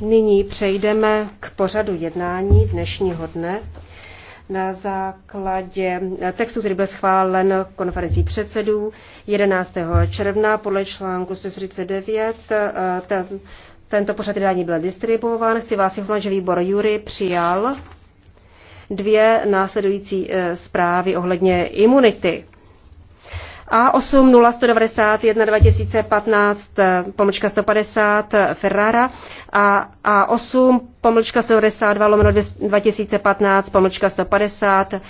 Nyní přejdeme k pořadu jednání dnešního dne na základě textu, který byl schválen konferencí předsedů 11. června podle článku 139. Eh, ten, tento pořad jednání byl distribuován. Chci vás informovat, že výbor Jury přijal dvě následující eh, zprávy ohledně imunity a tisíce 2015 eh, pomlčka 150 eh, Ferrara a, a 8 pomlčka 72 lomeno 2015 pomlčka 150 eh,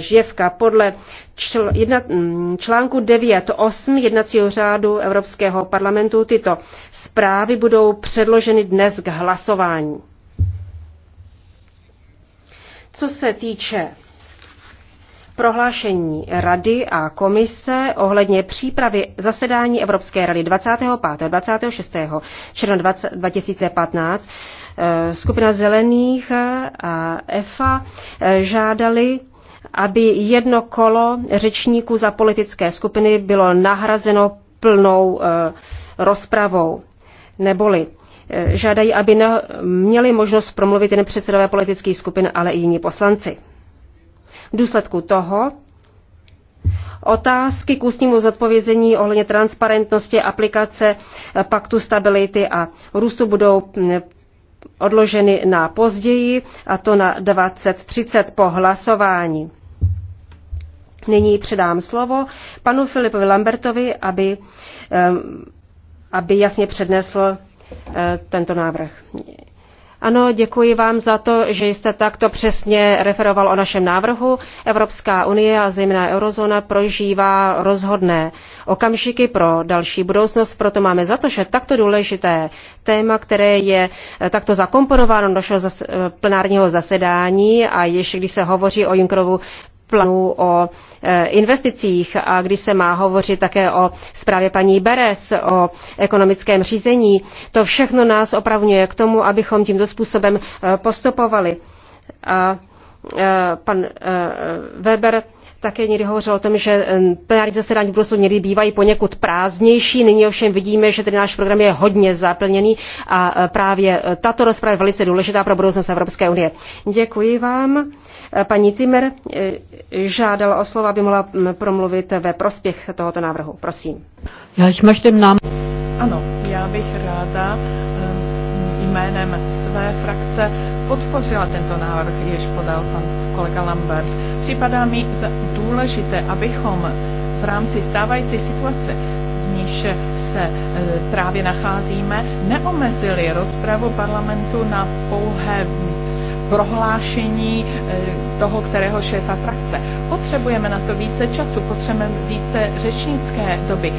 živka podle čl, jedna, mm, článku 9.8 jednacího řádu Evropského parlamentu tyto zprávy budou předloženy dnes k hlasování. Co se týče prohlášení Rady a Komise ohledně přípravy zasedání Evropské rady 25. 26. června 2015 eh, skupina Zelených eh, a EFA eh, žádali aby jedno kolo řečníků za politické skupiny bylo nahrazeno plnou rozpravou. Neboli žádají, aby ne, měli možnost promluvit jen předsedové politických skupin, ale i jiní poslanci. V důsledku toho otázky k ústnímu zodpovězení ohledně transparentnosti aplikace paktu stability a růstu budou odloženy na později, a to na 20.30 po hlasování. Nyní předám slovo panu Filipovi Lambertovi, aby, aby jasně přednesl e, tento návrh. Ano, děkuji vám za to, že jste takto přesně referoval o našem návrhu. Evropská unie a zejména eurozóna prožívá rozhodné okamžiky pro další budoucnost, proto máme za to, že takto důležité téma, které je eh, takto zakomponováno do našeho zas- eh, plenárního zasedání a ještě když se hovoří o Junckerovu plánu o e, investicích a kdy se má hovořit také o zprávě paní Beres, o ekonomickém řízení. To všechno nás opravňuje k tomu, abychom tímto způsobem e, postupovali. A e, pan Weber také někdy hovořil o tom, že plenární zasedání v Bruselu někdy bývají poněkud prázdnější. Nyní ovšem vidíme, že ten náš program je hodně zaplněný a e, právě e, tato rozprava je velice důležitá pro budoucnost Evropské unie. Děkuji vám. E, paní Zimmer žádala o slovo, aby mohla promluvit ve prospěch tohoto návrhu. Prosím. Já nám... Ano, já bych ráda jménem své frakce podpořila tento návrh, jež podal pan kolega Lambert připadá mi důležité, abychom v rámci stávající situace, v níž se e, právě nacházíme, neomezili rozpravu parlamentu na pouhé prohlášení e, toho, kterého šéfa frakce. Potřebujeme na to více času, potřebujeme více řečnické doby.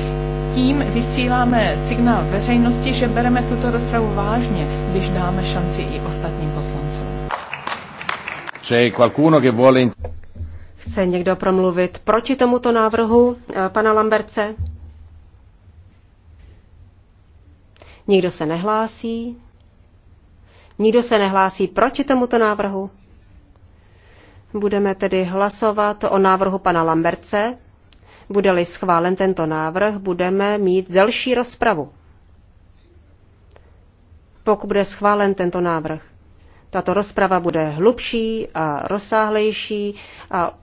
Tím vysíláme signál veřejnosti, že bereme tuto rozpravu vážně, když dáme šanci i ostatním poslancům chce někdo promluvit proti tomuto návrhu eh, pana Lamberce? Nikdo se nehlásí. Nikdo se nehlásí proti tomuto návrhu. Budeme tedy hlasovat o návrhu pana Lamberce. Bude-li schválen tento návrh, budeme mít delší rozpravu. Pokud bude schválen tento návrh, tato rozprava bude hlubší a rozsáhlejší a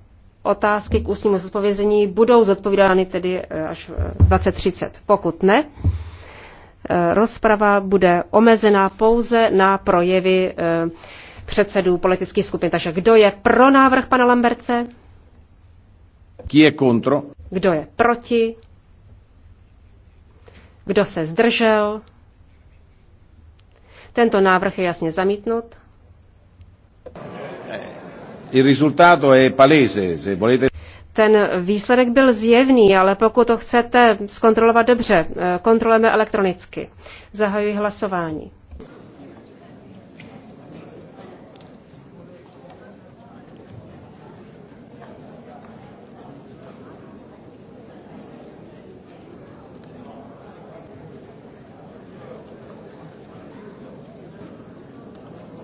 otázky k ústnímu zodpovězení budou zodpovídány tedy e, až 2030. E, Pokud ne, e, rozprava bude omezená pouze na projevy předsedů politických skupin. Takže kdo je pro návrh pana Lamberce? Kdo je kontro? Kdo je proti? Kdo se zdržel? Tento návrh je jasně zamítnut. Il risultato è palese, se volete... Ten výsledek byl zjevný, ale pokud to chcete zkontrolovat dobře, eh, kontrolujeme elektronicky. Zahajuji hlasování.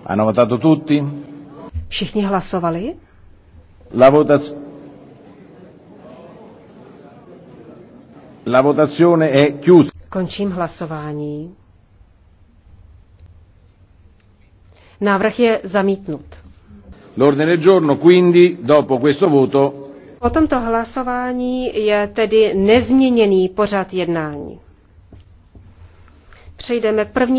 Hanno votato tutti? Všichni hlasovali? La votac... La votazione è chiusa. Končím hlasování. Návrh je zamítnut. L'ordine giorno quindi dopo questo voto Po tomto hlasování je tedy nezměněný pořad jednání. Přejdeme k první